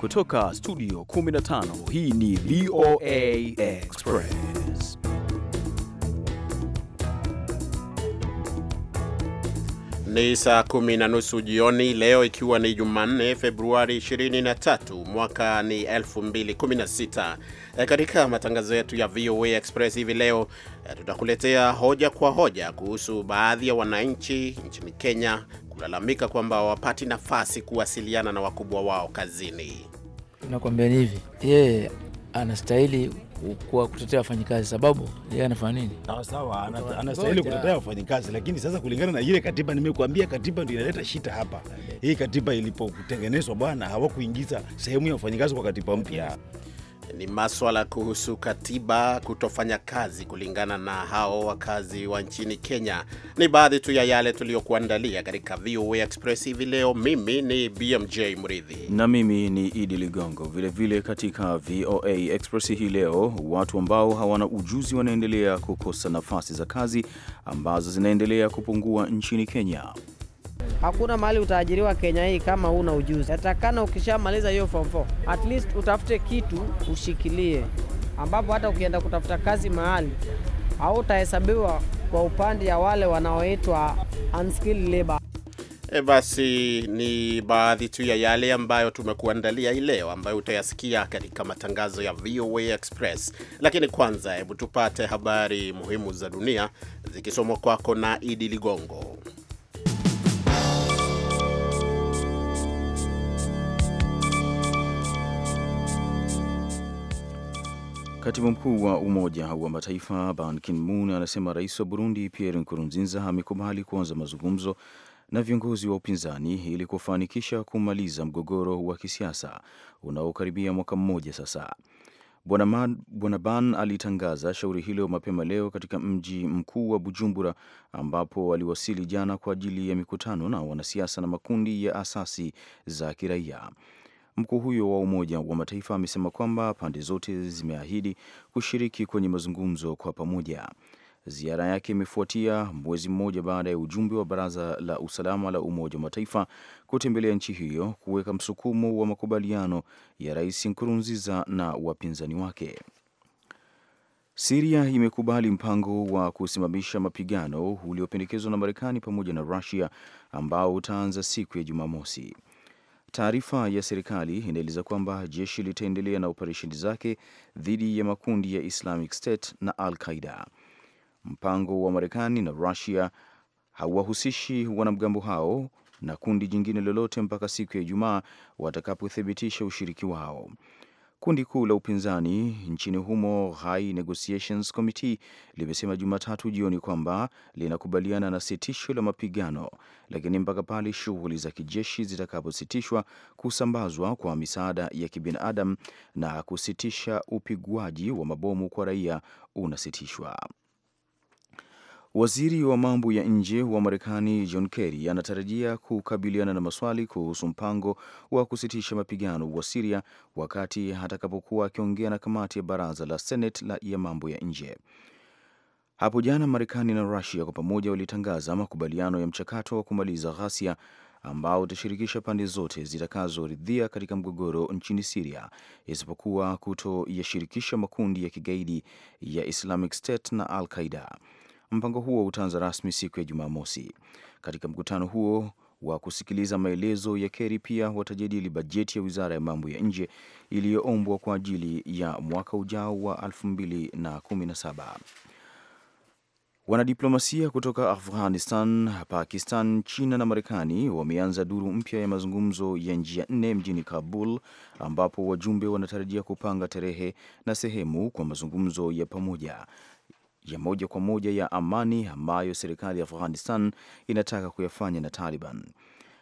Kutoka studio 15 hii ni VOA Express. Ni saa kumi na nusu jioni leo, ikiwa ni Jumanne Februari 23 mwaka ni 2016. E, katika matangazo yetu ya VOA Express hivi leo e, tutakuletea hoja kwa hoja kuhusu baadhi ya wananchi nchini Kenya kulalamika kwamba hawapati nafasi kuwasiliana na wakubwa wao kazini nakwambia ni hivi, yeye anastahili kwa kutetea wafanyikazi sababu yeye anafanya nini? Sawa sawa, anastahili kutetea wafanyikazi, lakini sasa kulingana na ile katiba, nimekuambia katiba ndio inaleta shita hapa. Hii katiba ilipotengenezwa bwana, hawakuingiza sehemu ya wafanyikazi kwa katiba mpya ni maswala kuhusu katiba kutofanya kazi kulingana na hao wakazi wa nchini Kenya. Ni baadhi tu ya yale tuliyokuandalia katika VOA Express hivi leo. Mimi ni BMJ Mridhi na mimi ni Idi Ligongo. Vilevile katika VOA Express hii leo, watu ambao hawana ujuzi wanaendelea kukosa nafasi za kazi ambazo zinaendelea kupungua nchini Kenya. Hakuna mahali utaajiriwa Kenya hii kama una ujuzi. Atakana ukishamaliza hiyo form 4 at least utafute kitu ushikilie, ambapo hata ukienda kutafuta kazi mahali hautahesabiwa kwa upande ya wale wanaoitwa unskilled labor. E, basi ni baadhi tu ya yale ambayo tumekuandalia hii leo ambayo utayasikia katika matangazo ya VOA Express, lakini kwanza, hebu tupate habari muhimu za dunia zikisomwa kwako na Idi Ligongo. Katibu mkuu wa Umoja wa Mataifa Ban Ki-moon anasema rais wa Burundi Pierre Nkurunziza amekubali kuanza mazungumzo na viongozi wa upinzani ili kufanikisha kumaliza mgogoro wa kisiasa unaokaribia mwaka mmoja sasa. Bwana Ban alitangaza shauri hilo mapema leo katika mji mkuu wa Bujumbura, ambapo aliwasili jana kwa ajili ya mikutano na wanasiasa na makundi ya asasi za kiraia. Mkuu huyo wa Umoja wa Mataifa amesema kwamba pande zote zimeahidi kushiriki kwenye mazungumzo kwa pamoja. Ziara yake imefuatia mwezi mmoja baada ya ujumbe wa Baraza la Usalama la Umoja wa Mataifa kutembelea nchi hiyo kuweka msukumo wa makubaliano ya Rais Nkurunziza na wapinzani wake. Siria imekubali mpango wa kusimamisha mapigano uliopendekezwa na Marekani pamoja na Rusia ambao utaanza siku ya Jumamosi. Taarifa ya serikali inaeleza kwamba jeshi litaendelea na operesheni zake dhidi ya makundi ya Islamic State na Al Qaida. Mpango wa Marekani na Rusia hauwahusishi wanamgambo hao na kundi jingine lolote mpaka siku ya Ijumaa watakapothibitisha ushiriki wao. Kundi kuu la upinzani nchini humo High Negotiations Committee limesema Jumatatu jioni kwamba linakubaliana na sitisho la mapigano, lakini mpaka pale shughuli za kijeshi zitakapositishwa, kusambazwa kwa misaada ya kibinadamu na kusitisha upigwaji wa mabomu kwa raia unasitishwa. Waziri wa mambo ya nje wa Marekani John Kerry anatarajia kukabiliana na maswali kuhusu mpango wa kusitisha mapigano wa Siria wakati atakapokuwa akiongea na kamati ya baraza la Senate la ya mambo ya nje. Hapo jana Marekani na Rusia kwa pamoja walitangaza makubaliano ya mchakato wa kumaliza ghasia ambao utashirikisha pande zote zitakazoridhia katika mgogoro nchini Siria isipokuwa kutoyashirikisha makundi ya kigaidi ya Islamic State na Al Qaida. Mpango huo utaanza rasmi siku ya Jumamosi. Katika mkutano huo wa kusikiliza maelezo ya Keri pia watajadili bajeti ya wizara ya mambo ya nje iliyoombwa kwa ajili ya mwaka ujao wa 2017. Wanadiplomasia kutoka Afghanistan, Pakistan, China na Marekani wameanza duru mpya ya mazungumzo ya njia nne mjini Kabul, ambapo wajumbe wanatarajia kupanga tarehe na sehemu kwa mazungumzo ya pamoja ya moja kwa moja ya amani ambayo serikali ya Afghanistan inataka kuyafanya na Taliban.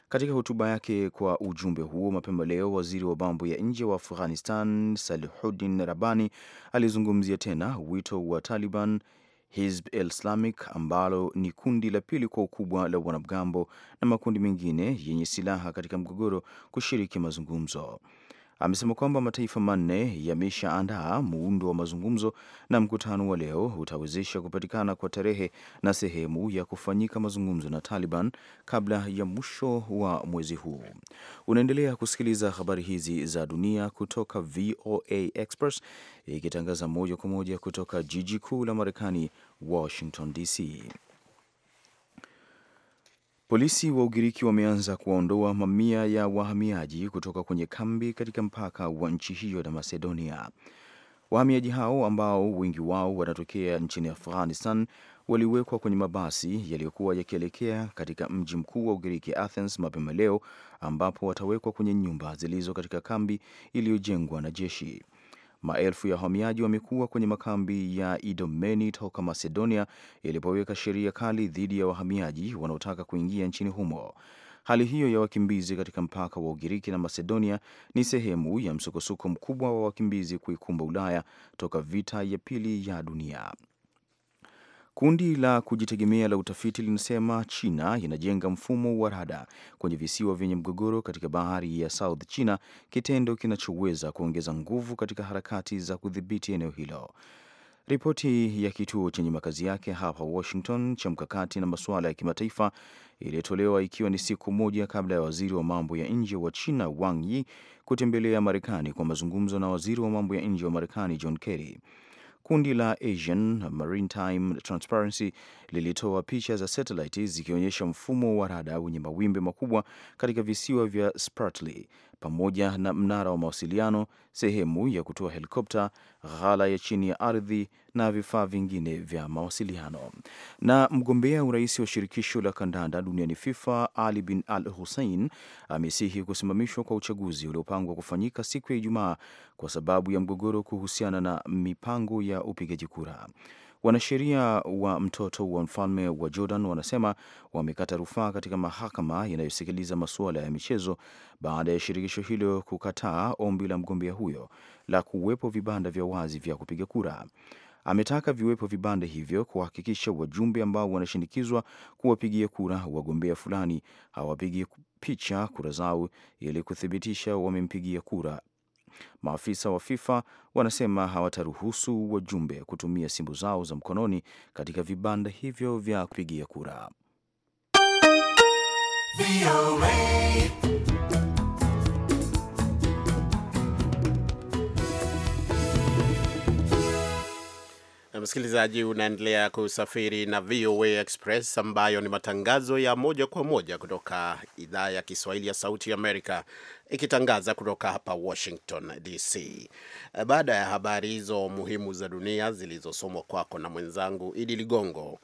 Katika hotuba yake kwa ujumbe huo mapema leo, waziri wa mambo ya nje wa Afghanistan Salihuddin Rabani alizungumzia tena wito wa Taliban Hizb el-Islamic ambalo ni kundi la pili kwa ukubwa la wanamgambo na makundi mengine yenye silaha katika mgogoro kushiriki mazungumzo amesema kwamba mataifa manne yameshaandaa muundo wa mazungumzo na mkutano wa leo utawezesha kupatikana kwa tarehe na sehemu ya kufanyika mazungumzo na Taliban kabla ya mwisho wa mwezi huu. Unaendelea kusikiliza habari hizi za dunia kutoka VOA Express ikitangaza moja kwa moja kutoka jiji kuu la Marekani, Washington DC. Polisi wa Ugiriki wameanza kuwaondoa mamia ya wahamiaji kutoka kwenye kambi katika mpaka wa nchi hiyo na Macedonia. Wahamiaji hao ambao wengi wao wanatokea nchini Afghanistan waliwekwa kwenye mabasi yaliyokuwa yakielekea katika mji mkuu wa Ugiriki Athens mapema leo ambapo watawekwa kwenye nyumba zilizo katika kambi iliyojengwa na jeshi. Maelfu ya wahamiaji wamekuwa kwenye makambi ya Idomeni toka Macedonia ilipoweka sheria kali dhidi ya wahamiaji wanaotaka kuingia nchini humo. Hali hiyo ya wakimbizi katika mpaka wa Ugiriki na Macedonia ni sehemu ya msukosuko mkubwa wa wakimbizi kuikumba Ulaya toka vita ya pili ya dunia. Kundi la kujitegemea la utafiti linasema China inajenga mfumo wa rada kwenye visiwa vyenye mgogoro katika bahari ya South China, kitendo kinachoweza kuongeza nguvu katika harakati za kudhibiti eneo hilo. Ripoti ya kituo chenye makazi yake hapa Washington cha mkakati na masuala ya kimataifa iliyotolewa ikiwa ni siku moja kabla ya waziri wa mambo ya nje wa China Wang Yi kutembelea Marekani kwa mazungumzo na waziri wa mambo ya nje wa Marekani John Kerry. Kundi la Asian Maritime Transparency lilitoa picha za satellite zikionyesha mfumo wa rada wenye mawimbi makubwa katika visiwa vya Spratly pamoja na mnara wa mawasiliano, sehemu ya kutoa helikopta, ghala ya chini ya ardhi na vifaa vingine vya mawasiliano. Na mgombea urais wa shirikisho la kandanda duniani FIFA, Ali bin Al Hussein amesihi kusimamishwa kwa uchaguzi uliopangwa kufanyika siku ya Ijumaa kwa sababu ya mgogoro kuhusiana na mipango ya upigaji kura. Wanasheria wa mtoto wa mfalme wa Jordan wanasema wamekata rufaa katika mahakama inayosikiliza masuala ya michezo baada ya shirikisho hilo kukataa ombi la mgombea huyo la kuwepo vibanda vya wazi vya kupiga kura. Ametaka viwepo vibanda hivyo kuhakikisha wajumbe ambao wanashinikizwa kuwapigia kura wagombea fulani hawapigi picha kura zao ili kuthibitisha wamempigia kura Maafisa wa FIFA wanasema hawataruhusu wajumbe kutumia simu zao za mkononi katika vibanda hivyo vya kupigia kura. Msikilizaji, unaendelea kusafiri na VOA Express ambayo ni matangazo ya moja kwa moja kutoka idhaa ya Kiswahili ya Sauti Amerika ikitangaza kutoka hapa Washington DC. Baada ya habari hizo muhimu za dunia zilizosomwa kwako na mwenzangu Idi Ligongo,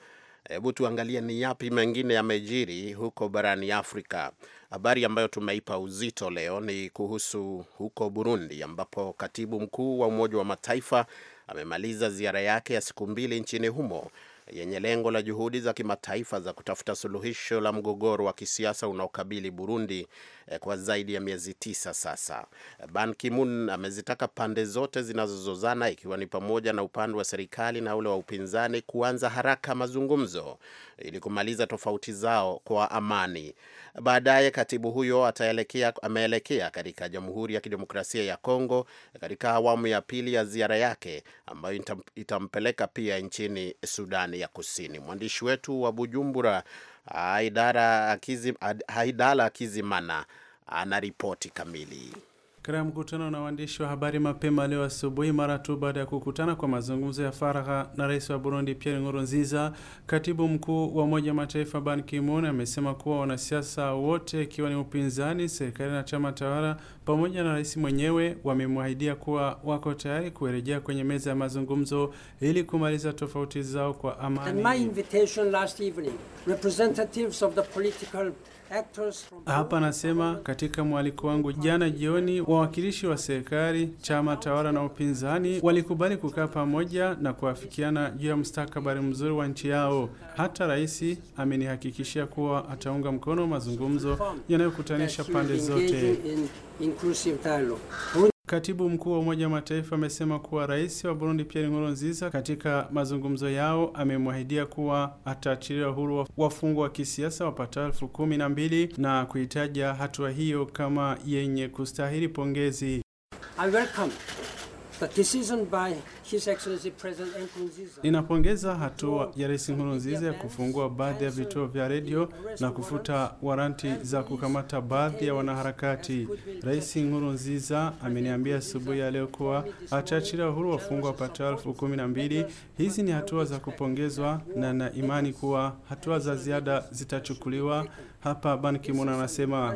hebu tuangalie ni yapi mengine yamejiri huko barani Afrika. Habari ambayo tumeipa uzito leo ni kuhusu huko Burundi, ambapo katibu mkuu wa Umoja wa Mataifa amemaliza ziara yake ya siku mbili nchini humo yenye lengo la juhudi za kimataifa za kutafuta suluhisho la mgogoro wa kisiasa unaokabili Burundi Eh, kwa zaidi ya miezi tisa sasa. Ban Ki-moon amezitaka pande zote zinazozozana ikiwa ni pamoja na upande wa serikali na ule wa upinzani kuanza haraka mazungumzo ili kumaliza tofauti zao kwa amani. Baadaye katibu huyo ataelekea, ameelekea katika Jamhuri ya Kidemokrasia ya Kongo eh, katika awamu ya pili ya ziara yake ambayo itampeleka pia nchini Sudani ya Kusini. Mwandishi wetu wa Bujumbura Haidala Kizimana anaripoti kamili. Katika mkutano na waandishi wa habari mapema leo asubuhi, mara tu baada ya kukutana kwa mazungumzo ya faragha na rais wa Burundi Pierre Nkurunziza, katibu mkuu wa Umoja wa Mataifa Ban Ki-moon amesema kuwa wanasiasa wote, ikiwa ni upinzani, serikali na chama tawala, pamoja na rais mwenyewe, wamemwahidia kuwa wako tayari kurejea kwenye meza ya mazungumzo ili kumaliza tofauti zao kwa amani. And my invitation last evening, representatives of the political Ah, hapa anasema katika mwaliko wangu jana jioni, wawakilishi wa serikali, chama tawala na upinzani walikubali kukaa pamoja na kuafikiana juu ya mustakabali mzuri wa nchi yao. Hata rais amenihakikishia kuwa ataunga mkono mazungumzo yanayokutanisha pande zote. Katibu mkuu wa Umoja wa Mataifa amesema kuwa rais wa Burundi Pierre Nkurunziza katika mazungumzo yao amemwahidia kuwa ataachilia uhuru wafungwa wa kisiasa wapatao elfu kumi na mbili na kuitaja hatua hiyo kama yenye kustahili pongezi. I welcome Ninapongeza hatua ya Rais Nkurunziza ya kufungua baadhi ya vituo vya redio na kufuta waranti za kukamata baadhi ya wanaharakati. Rais Nkurunziza ameniambia asubuhi ya leo kuwa ataachilia uhuru wafungwa wapatao elfu kumi na mbili. Hizi ni hatua za kupongezwa na na imani kuwa hatua za ziada zitachukuliwa hapa Ban Ki-moon anasema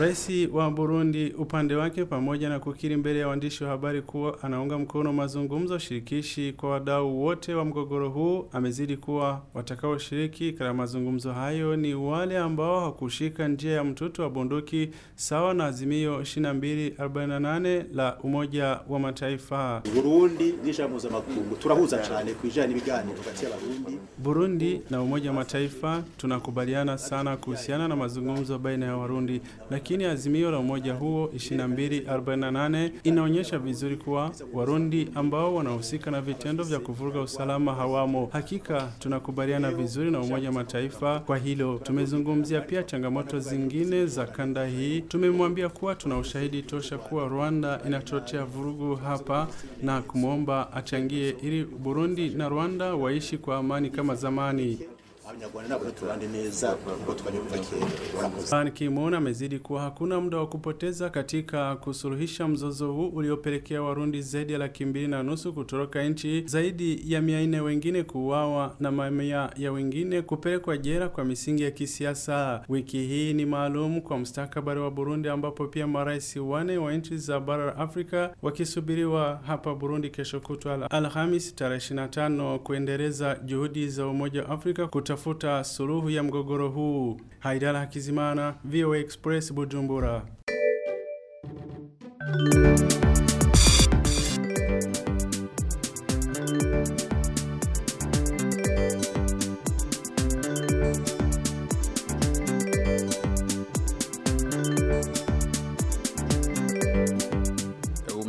rais wa Burundi upande wake, pamoja na kukiri mbele ya waandishi wa habari kuwa anaunga mkono mazungumzo shirikishi kwa wadau wote wa mgogoro huu, amezidi kuwa watakaoshiriki katika mazungumzo hayo ni wale ambao hakushika njia ya mtoto wa bunduki, sawa na azimio 2248 la Umoja wa Mataifa. Burundi, Burundi na Umoja wa Mataifa tunakubaliana sana kuhusiana na mazungumzo baina ya Warundi, lakini azimio la umoja huo 2248 inaonyesha vizuri kuwa Warundi ambao wanahusika na vitendo vya kuvuruga usalama hawamo. Hakika tunakubaliana vizuri na Umoja wa Mataifa kwa hilo. Tumezungumzia pia changamoto zingine za kanda hii. Tumemwambia kuwa tuna ushahidi tosha kuwa Rwanda inachochea vurugu hapa na kumwomba achangie ili Burundi na Rwanda waishi kwa amani kama zamani. que Abanyarwanda Ban Ki-moon amezidi kuwa hakuna muda wa kupoteza katika kusuluhisha mzozo huu uliopelekea Warundi zaidi ya laki mbili na nusu kutoroka nchi, zaidi ya mia nne wengine kuuawa na mamia ya wengine kupelekwa jela kwa misingi ya kisiasa. Wiki hii ni maalum kwa mustakabali wa Burundi, ambapo pia marais wane wa nchi za bara la Afrika wakisubiriwa hapa Burundi kesho kutwa Alhamis tarehe 25 kuendeleza juhudi za Umoja wa Afrika kuta kutafuta suluhu ya mgogoro huu. Haidara Hakizimana, VOA Express, Bujumbura.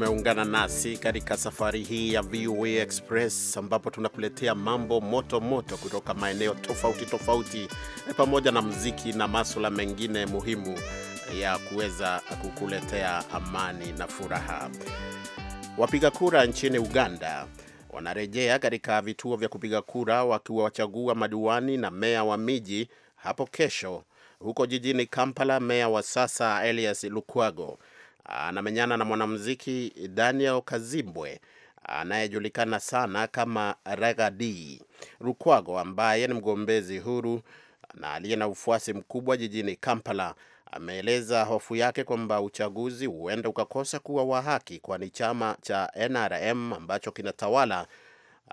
umeungana nasi katika safari hii ya VOA Express ambapo tunakuletea mambo moto moto kutoka maeneo tofauti tofauti, eh, pamoja na mziki na masuala mengine muhimu ya kuweza kukuletea amani na furaha. Wapiga kura nchini Uganda wanarejea katika vituo vya kupiga kura wakiwachagua madiwani na meya wa miji hapo kesho. Huko jijini Kampala, meya wa sasa Elias Lukwago anamenyana na mwanamuziki Daniel Kazimbwe anayejulikana sana kama Rega D. Rukwago ambaye ni mgombezi huru na aliye na ufuasi mkubwa jijini Kampala ameeleza hofu yake kwamba uchaguzi huenda ukakosa kuwa wa haki, kwani chama cha NRM ambacho kinatawala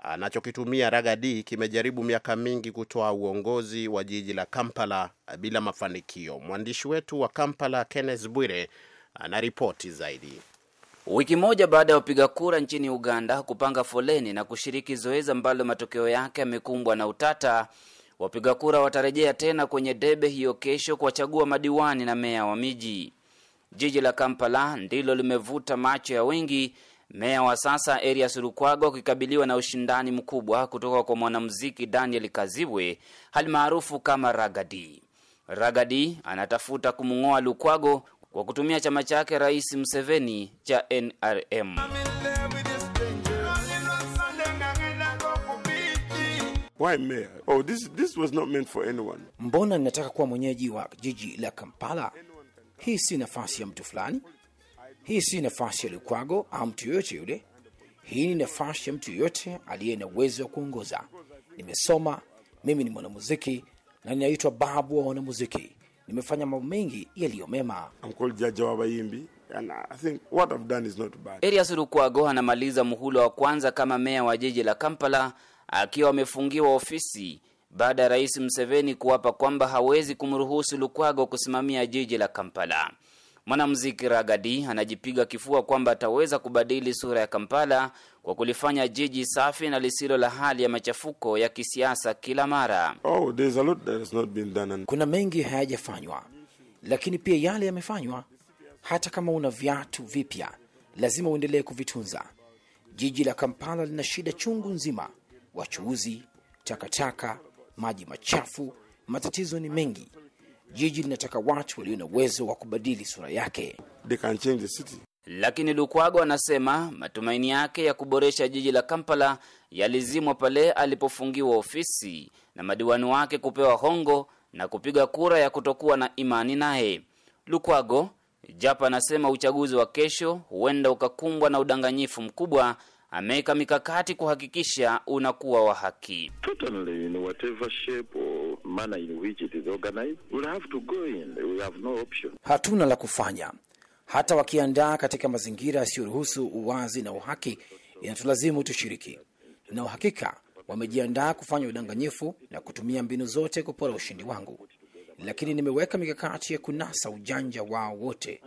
anachokitumia Ragadi kimejaribu miaka mingi kutoa uongozi wa jiji la Kampala bila mafanikio. Mwandishi wetu wa Kampala Kenneth Bwire anaripoti ah, zaidi. Wiki moja baada ya wapiga kura nchini Uganda kupanga foleni na kushiriki zoezi ambalo matokeo yake yamekumbwa na utata, wapiga kura watarejea tena kwenye debe hiyo kesho kuwachagua madiwani na meya wa miji. Jiji la Kampala ndilo limevuta macho ya wengi, meya wa sasa Erias Lukwago akikabiliwa na ushindani mkubwa kutoka kwa mwanamuziki Daniel Kazibwe hali maarufu kama Ragadi. Ragadi anatafuta kumng'oa Lukwago kwa kutumia chama chake Rais Museveni cha NRM. Why mayor? Oh, this, this was not meant for anyone. Mbona ninataka kuwa mwenyeji wa jiji la Kampala? Hii si nafasi ya mtu fulani, hii si nafasi ya Lukwago au mtu yoyote yule. Hii ni nafasi ya mtu yoyote aliye na uwezo wa kuongoza. Nimesoma, mimi ni mwanamuziki na ninaitwa babu wa wanamuziki nimefanya mambo mengi yaliyo mema. Erias Lukwago anamaliza muhula wa kwanza kama meya wa jiji la Kampala akiwa amefungiwa ofisi baada ya Rais Museveni kuapa kwamba hawezi kumruhusu Lukwago kusimamia jiji la Kampala. Mwanamuziki Ragadi anajipiga kifua kwamba ataweza kubadili sura ya Kampala kwa kulifanya jiji safi na lisilo la hali ya machafuko ya kisiasa kila mara. Oh, there's a lot that has not been done and... kuna mengi hayajafanywa, lakini pia yale yamefanywa. Hata kama una viatu vipya, lazima uendelee kuvitunza. Jiji la Kampala lina shida chungu nzima: wachuuzi, takataka, maji machafu. Matatizo ni mengi. Jiji linataka watu walio na uwezo wa kubadili sura yake. They can change the city. Lakini Lukwago anasema matumaini yake ya kuboresha jiji la Kampala yalizimwa pale alipofungiwa ofisi na madiwani wake kupewa hongo na kupiga kura ya kutokuwa na imani naye. Lukwago japo anasema uchaguzi wa kesho huenda ukakumbwa na udanganyifu mkubwa, ameweka mikakati kuhakikisha unakuwa wa haki. Hatuna la kufanya, hata wakiandaa katika mazingira yasiyoruhusu uwazi na uhaki, inatulazimu tushiriki. na uhakika wamejiandaa kufanya udanganyifu na kutumia mbinu zote kupora ushindi wangu, lakini nimeweka mikakati ya kunasa ujanja wao wote.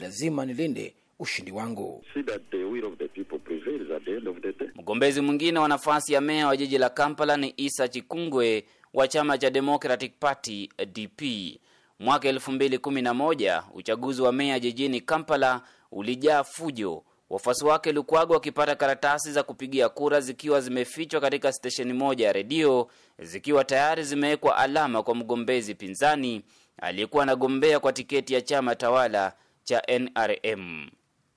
Lazima nilinde ushindi wangu. Mgombezi mwingine wa nafasi ya meya wa jiji la Kampala ni Isa Chikungwe wa chama cha Democratic Party DP. Mwaka 2011 uchaguzi wa meya jijini Kampala ulijaa fujo, wafuasi wake Lukwago wakipata karatasi za kupigia kura zikiwa zimefichwa katika stesheni moja ya redio, zikiwa tayari zimewekwa alama kwa mgombezi pinzani aliyekuwa anagombea kwa tiketi ya chama tawala cha NRM.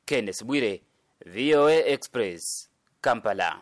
Kenneth Bwire, VOA Express, Kampala.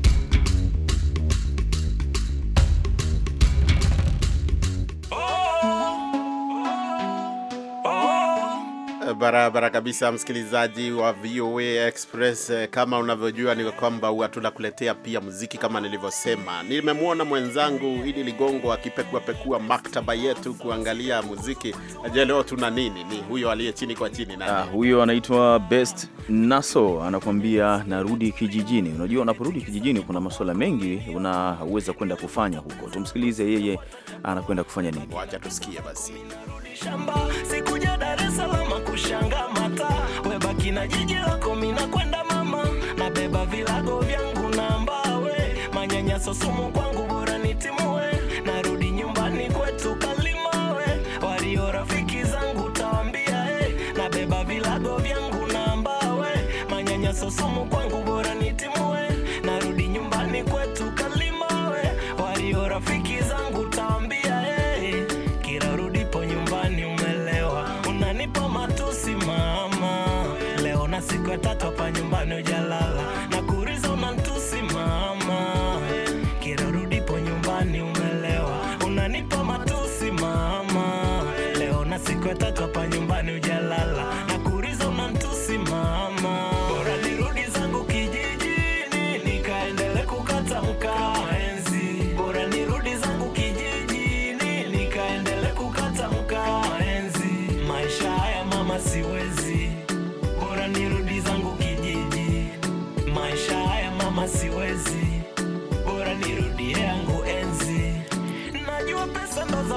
barabara kabisa, msikilizaji wa VOA Express. Eh, kama unavyojua ni kwamba huwa tunakuletea pia muziki kama nilivyosema. Nimemwona mwenzangu Idi Ligongo akipekuapekua maktaba yetu kuangalia muziki. Je, leo tuna nini? Ni huyo aliye chini kwa chini nani? ah, huyo anaitwa Best Naso anakuambia narudi kijijini. Unajua, unaporudi kijijini kuna masuala mengi unaweza kwenda kufanya huko. Tumsikilize yeye anakwenda kufanya nini. Wacha tusikie basi. Shamba sikuja Dar es Salaam going you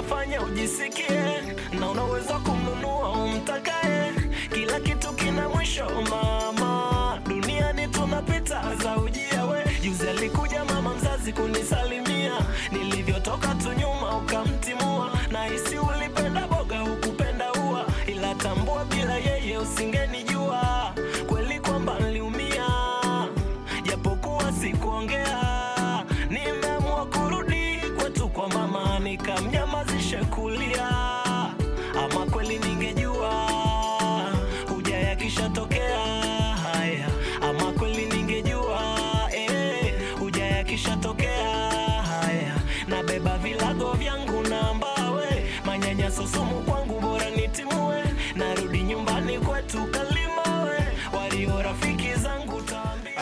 utakufanya ujisikie, na unaweza kumnunua umtakaye. Kila kitu kina mwisho mama, duniani tunapita, zaujia we. Juzi alikuja mama mzazi kunisalimia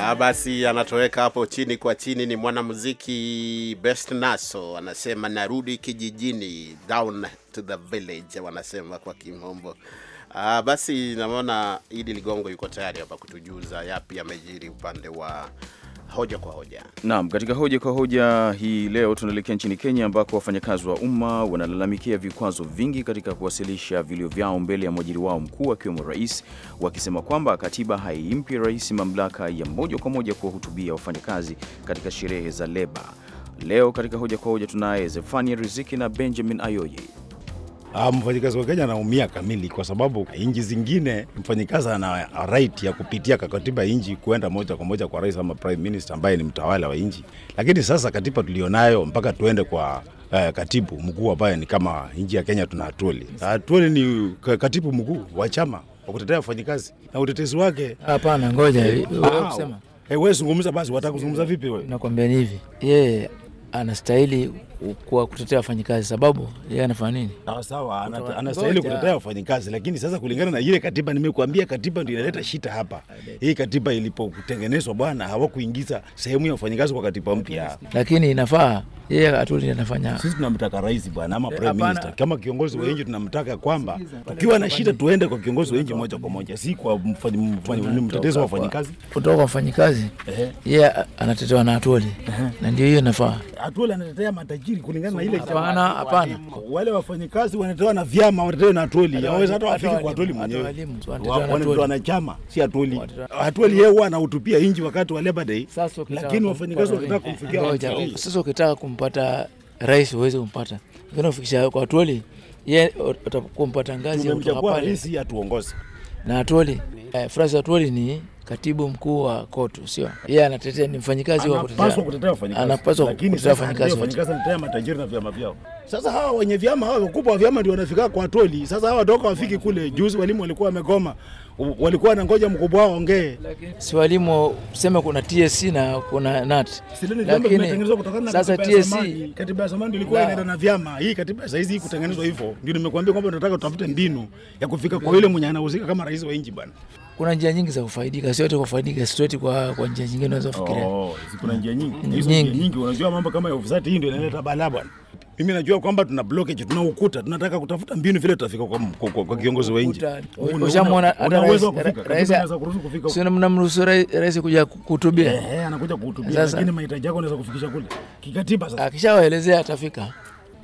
Ah, basi anatoweka hapo chini kwa chini. Ni mwanamuziki Best Naso anasema narudi kijijini, down to the village wanasema kwa kimombo. Ah, basi naona Idi Ligongo yuko tayari hapa kutujuza yapi yamejiri upande wa hoja kwa hoja. Naam, katika hoja kwa hoja hii leo tunaelekea nchini Kenya ambako wafanyakazi wa umma wanalalamikia vikwazo vingi katika kuwasilisha vilio vyao mbele ya mwajiri wao mkuu akiwemo rais, wakisema kwamba katiba haimpi rais mamlaka ya moja kwa moja kuwahutubia wafanyakazi katika sherehe za leba. Leo katika hoja kwa hoja tunaye Zefania Riziki na Benjamin Ayoye. Ah, mfanyikazi wa Kenya anaumia kamili, kwa sababu nchi zingine mfanyikazi ana right ya kupitia katiba nchi kuenda moja kwa moja kwa rais ama prime minister ambaye ni mtawala wa nchi, lakini sasa katiba tulionayo mpaka tuende kwa Uh, katibu mkuu ambaye ni kama nchi ya Kenya tuna Atwoli. Atwoli ni katibu mkuu wa chama wa kutetea wafanyikazi na utetezi wake. Hapana, ngoja eh, wewe ah, kusema. Eh, wewe zungumza basi, kuzungumza vipi wewe? Nakwambia hivi. Yeye anastahili kwa kutetea wafanyikazi, sababu yeye anafanya nini? Sawa sawa, anastahili kutetea wafanyikazi, lakini sasa kulingana na ile katiba, nimekuambia katiba ndio inaleta shita hapa. Hii katiba ilipotengenezwa, bwana, hawakuingiza sehemu ya wafanyikazi kwa katiba mpya, lakini inafaa yeye yeah, atuli anafanya. Sisi tunamtaka rais bwana ama eh, prime minister kama kiongozi wa nchi, tunamtaka kwamba tukiwa na shida tuende kwa kiongozi wa nchi moja kwa moja, si kwa mtetezi wa wafanyikazi kutoka kwa wafanyikazi. Yeye anatetewa na atuli, na ndio hiyo inafaa. Atuli anatetea matajiri nafikiri kulingana na ile hapana, hapana, wale wafanyakazi wanatoa na vyama, wanatoa na toli, yaweza hata wafiki kwa toli mwenyewe, wanatoa na chama, si atoli atoli, yeye huwa anautupia inji wakati wa Labor Day, lakini wafanyakazi wakitaka kumfikia. Sasa ukitaka kumpata rais uweze kumpata, lakini ufikisha kwa troli, yeye utakumpata ngazi ya kutoka pale, atuongoze na troli. Eh, frasi ya ni katibu mkuu wa KOTU sio yeye, yeah, anatetea ni mfanyikazi wa anapaswa kutetea wafanyikazi, anapaswa kutetea wafanyikazi, anatetea matajiri na vyama vyao. Sasa hawa wenye vyama hawa wakubwa wa vyama ndio wanafika kwa toli. Sasa hawa toka wafiki kule. Juzi walimu walikuwa wamegoma, walikuwa na ngoja mkubwa wao ongee, si walimu sema kuna TSC na kuna NAT. Lakini sasa TSC katiba ya zamani ilikuwa inaenda na vyama, hii katiba sasa hizi kutengenezwa hivyo, ndio nimekuambia kwamba tunataka tutafute mbinu ya kufika kwa yule mwenye anahusika kama rais wa nchi bwana kuna njia nyingi za kufaidika, sio tu kufaidika straight kwa kwa njia nyingine unaweza kufikiria. Oh, kuna njia nyingi. Mm. Hizo njia nyingi, unajua mambo kama ya ofisati hii ndio inaleta balaa bwana. Mimi najua kwamba tuna blockage, tuna ukuta, tunataka kutafuta mbinu vile tutafika kwa kwa, kwa, kwa kiongozi wa nje. Ushamwona hata rais anaweza kuruhusu kufika. Sio namna mruhusu rais kuja kuhutubia. Eh, eh anakuja kuhutubia, lakini mahitaji yako unaweza kufikisha kule. Kikatiba sasa. Akishawaelezea atafika.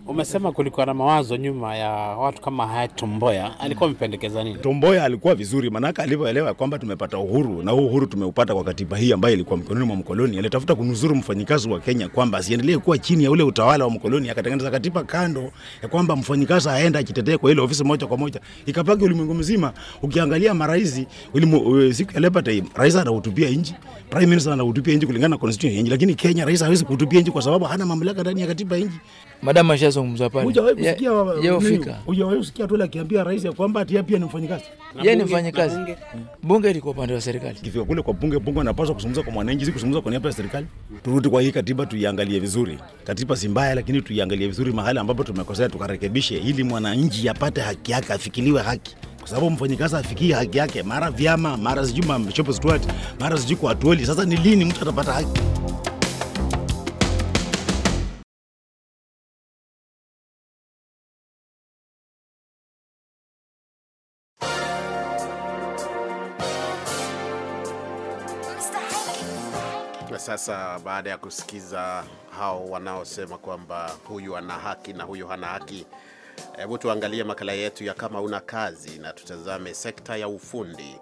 Umesema kulikuwa na mawazo nyuma ya watu kama haya Tomboya, alikuwa amependekeza nini? Tomboya alikuwa vizuri, maanake alivyoelewa kwamba tumepata uhuru na huu uhuru tumeupata kwa katiba hii ambayo ilikuwa mkononi mwa mkoloni. Alitafuta kunuzuru mfanyikazi wa Kenya kwamba asiendelee kuwa chini ya ule utawala wa mkoloni, akatengeneza katiba kando ya kwamba mfanyikazi aenda ajitetee kwa ile ofisi moja kwa moja, ikapaki ulimwengu mzima. Ukiangalia marais eh, siku ya Labour Time, rais anahutubia nchi, prime minister anahutubia nchi kulingana na constitution ya nchi, lakini Kenya rais hawezi kuhutubia nchi kwa sababu hana mamlaka ndani ya katiba ya nchi. Madam Majazo anazungumza pale. Hujawahi kusikia baba? Hujafika. Hujawahi kusikia tu akiambia rais ya kwamba ati pia ni mfanyikazi. Yeye ni mfanyikazi. Bunge liko upande wa serikali. Kifika kule kwa bunge, bunge anapaswa kuzungumza kwa mwananchi, si kuzungumza kwa niaba ya serikali. Turudi kwa hii katiba tuiangalie vizuri. Katiba si mbaya, lakini tuiangalie vizuri mahali ambapo tumekosea tukarekebishe ili mwananchi apate haki yake, afikiliwe haki kwa sababu mfanyikazi afikie haki yake, mara vyama, mara sijui mara sijui kwa atuoli. Sasa ni lini mtu atapata haki? Sasa baada ya kusikiza hao wanaosema kwamba huyu ana haki na huyu hana haki, hebu tuangalie makala yetu ya kama una kazi na tutazame sekta ya ufundi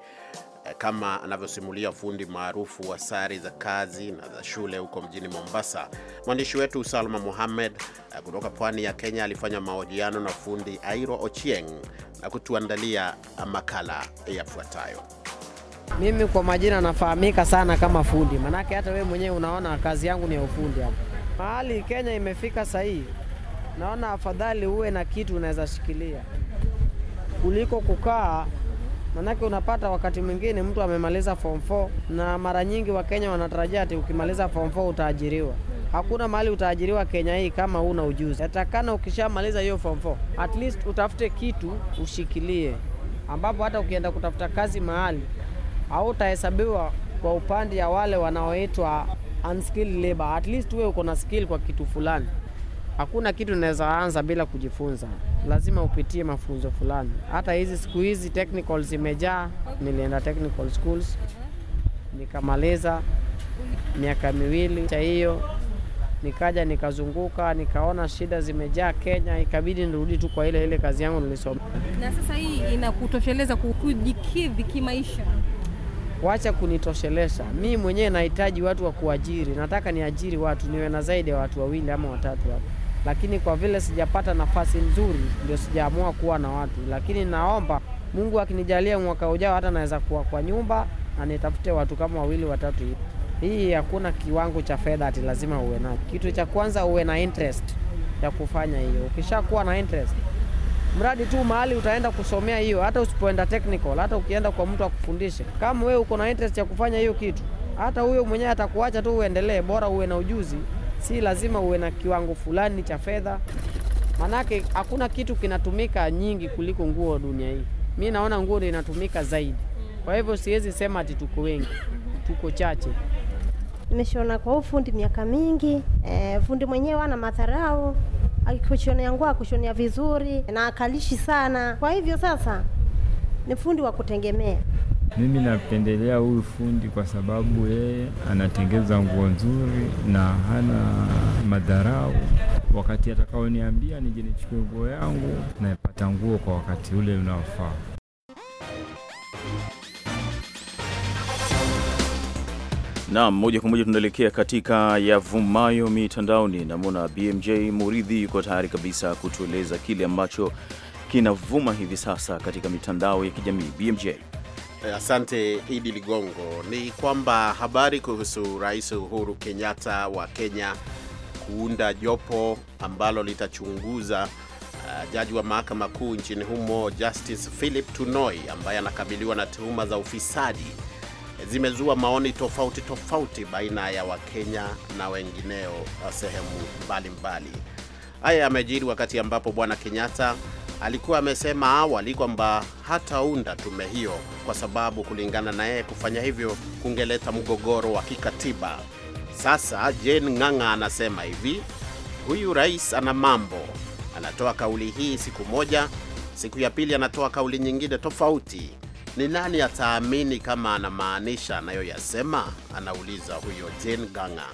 eh, kama anavyosimulia fundi maarufu wa sare za kazi na za shule huko mjini Mombasa. Mwandishi wetu Salma Muhamed eh, kutoka pwani ya Kenya alifanya mahojiano na fundi Airo Ochieng na kutuandalia makala yafuatayo. Mimi kwa majina nafahamika sana kama fundi, manake hata wewe mwenyewe unaona kazi yangu ni ya ufundi hapa. Mahali Kenya imefika sasa hii, naona afadhali uwe na kitu unaweza shikilia kuliko kukaa, manake unapata wakati mwingine mtu amemaliza form 4 na mara nyingi Wakenya wanatarajia ati ukimaliza form 4 utaajiriwa. Hakuna mahali utaajiriwa Kenya hii kama una ujuzi. Atakana ukishamaliza hiyo form 4, at least utafute kitu ushikilie, ambapo hata ukienda kutafuta kazi mahali hautahesabiwa kwa upande ya wale wanaoitwa unskilled labor. At least wewe uko na skill kwa kitu fulani. Hakuna kitu unaweza anza bila kujifunza, lazima upitie mafunzo fulani. Hata hizi siku hizi technical zimejaa. Nilienda technical schools nikamaliza miaka miwili cha hiyo, nikaja nikazunguka, nikaona shida zimejaa Kenya, ikabidi nirudi tu kwa ile ile kazi yangu nilisoma. Na sasa hii inakutosheleza kujikidhi kimaisha? wacha kunitoshelesha. Mi mwenyewe nahitaji watu wa kuajiri, nataka niajiri watu, niwe na zaidi ya watu wawili ama watatu hapo, lakini kwa vile sijapata nafasi nzuri, ndio sijaamua kuwa na watu, lakini naomba Mungu akinijalia mwaka ujao, hata naweza kuwa kwa nyumba na nitafute watu kama wawili watatu hivi. Hii hakuna kiwango cha fedha ati lazima uwe nacho. Kitu cha kwanza uwe na interest ya kufanya hiyo. Ukishakuwa na interest mradi tu mahali utaenda kusomea hiyo, hata usipoenda technical, hata ukienda kwa mtu akufundishe, kama wewe uko na interest ya kufanya hiyo kitu, hata huyo mwenyewe atakuacha tu uendelee, bora uwe na ujuzi. Si lazima uwe na kiwango fulani cha fedha, manake hakuna kitu kinatumika nyingi kuliko nguo dunia hii. Mi naona nguo ndio inatumika zaidi, kwa hivyo siwezi sema ati tuko wengi, tuko chache. Nimeshona kwa ufundi miaka mingi, e, fundi mwenyewe ana madharau akikushonea nguo akushonea vizuri na akalishi sana. Kwa hivyo sasa ni fundi wa kutegemea. Mimi napendelea huyu fundi kwa sababu yeye anatengeza nguo nzuri na hana madharau. Wakati atakaoniambia nije nichukue nguo yangu, naipata nguo kwa wakati ule unaofaa. Naam, moja kwa moja tunaelekea katika yavumayo mitandaoni. Namwona BMJ Muridhi yuko tayari kabisa kutueleza kile ambacho kinavuma hivi sasa katika mitandao ya kijamii. BMJ. Eh, asante Idi Ligongo. Ni kwamba habari kuhusu Rais Uhuru Kenyatta wa Kenya kuunda jopo ambalo litachunguza uh, jaji wa mahakama kuu nchini humo Justice Philip Tunoi ambaye anakabiliwa na tuhuma za ufisadi zimezua maoni tofauti tofauti baina ya Wakenya na wengineo uh, sehemu mbalimbali. Haya yamejiri wakati ambapo Bwana Kenyatta alikuwa amesema awali kwamba hataunda tume hiyo kwa sababu kulingana na yeye kufanya hivyo kungeleta mgogoro wa kikatiba. Sasa Jane Ng'ang'a anasema hivi, huyu rais ana mambo. Anatoa kauli hii siku moja, siku ya pili anatoa kauli nyingine tofauti. Ni nani ataamini kama anamaanisha anayoyasema? Anauliza huyo Jane Ganga.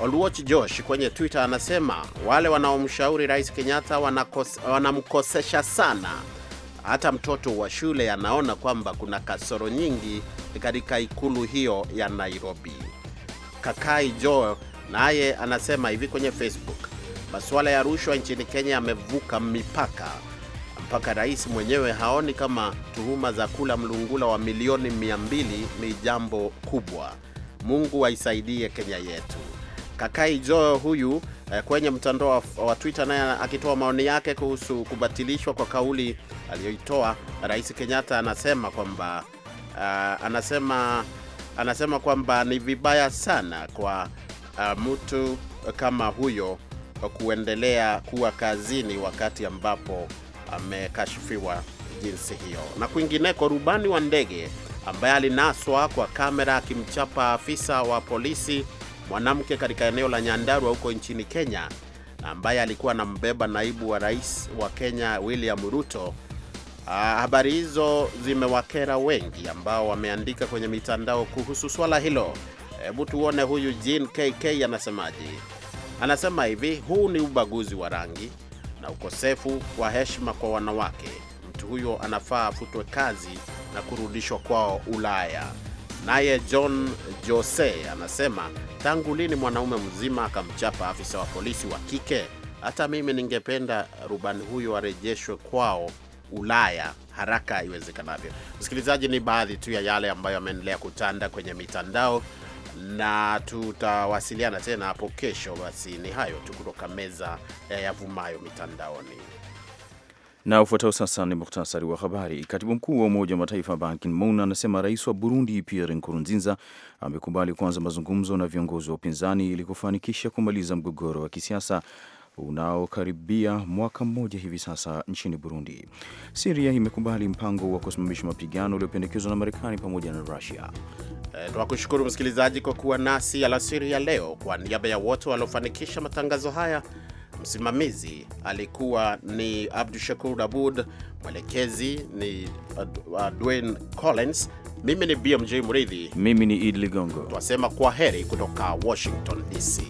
olwach Josh kwenye Twitter anasema wale wanaomshauri Rais Kenyatta wanamkosesha sana. Hata mtoto wa shule anaona kwamba kuna kasoro nyingi katika ikulu hiyo ya Nairobi. Kakai jo naye anasema hivi kwenye Facebook, masuala ya rushwa nchini Kenya yamevuka mipaka mpaka rais mwenyewe haoni kama tuhuma za kula mlungula wa milioni 200 ni jambo kubwa. Mungu aisaidie Kenya yetu. Kakai Joyo huyu eh, kwenye mtandao wa Twitter naye akitoa maoni yake kuhusu kubatilishwa kwa kauli aliyoitoa Rais Kenyatta, anasema kwamba uh, anasema anasema kwamba ni vibaya sana kwa uh, mtu kama huyo kuendelea kuwa kazini wakati ambapo amekashifiwa jinsi hiyo. Na kwingineko, rubani wa ndege ambaye alinaswa kwa kamera akimchapa afisa wa polisi mwanamke katika eneo la Nyandarua huko nchini Kenya, ambaye alikuwa anambeba naibu wa rais wa Kenya William Ruto. Ah, habari hizo zimewakera wengi ambao wameandika kwenye mitandao kuhusu swala hilo. Hebu tuone huyu Jean KK anasemaje? Anasema hivi, huu ni ubaguzi wa rangi, na ukosefu wa heshima kwa wanawake. Mtu huyo anafaa afutwe kazi na kurudishwa kwao Ulaya. Naye John Jose anasema tangu lini mwanaume mzima akamchapa afisa wa polisi wa kike? Hata mimi ningependa rubani huyo arejeshwe kwao Ulaya haraka iwezekanavyo. Msikilizaji, ni baadhi tu ya yale ambayo yameendelea kutanda kwenye mitandao na tutawasiliana tena hapo kesho. Basi ni hayo tu kutoka meza eh, ya yavumayo mitandaoni. Na ufuatao sasa ni muhtasari wa habari. Katibu mkuu wa Umoja wa Mataifa Ban Ki-moon anasema rais wa Burundi Pierre Nkurunziza amekubali kuanza mazungumzo na viongozi wa upinzani ili kufanikisha kumaliza mgogoro wa kisiasa unaokaribia mwaka mmoja hivi sasa nchini Burundi. Siria imekubali mpango wa kusimamisha mapigano uliopendekezwa na Marekani pamoja na Rusia. E, eh, tunakushukuru msikilizaji kwa kuwa nasi alasiri ya leo. Kwa niaba ya wote waliofanikisha matangazo haya Msimamizi alikuwa ni Abdu Shakur Abud, mwelekezi ni Dwayne Collins, mimi ni BMJ Mridhi, mimi ni Idi Ligongo. Twasema kwa heri kutoka Washington DC.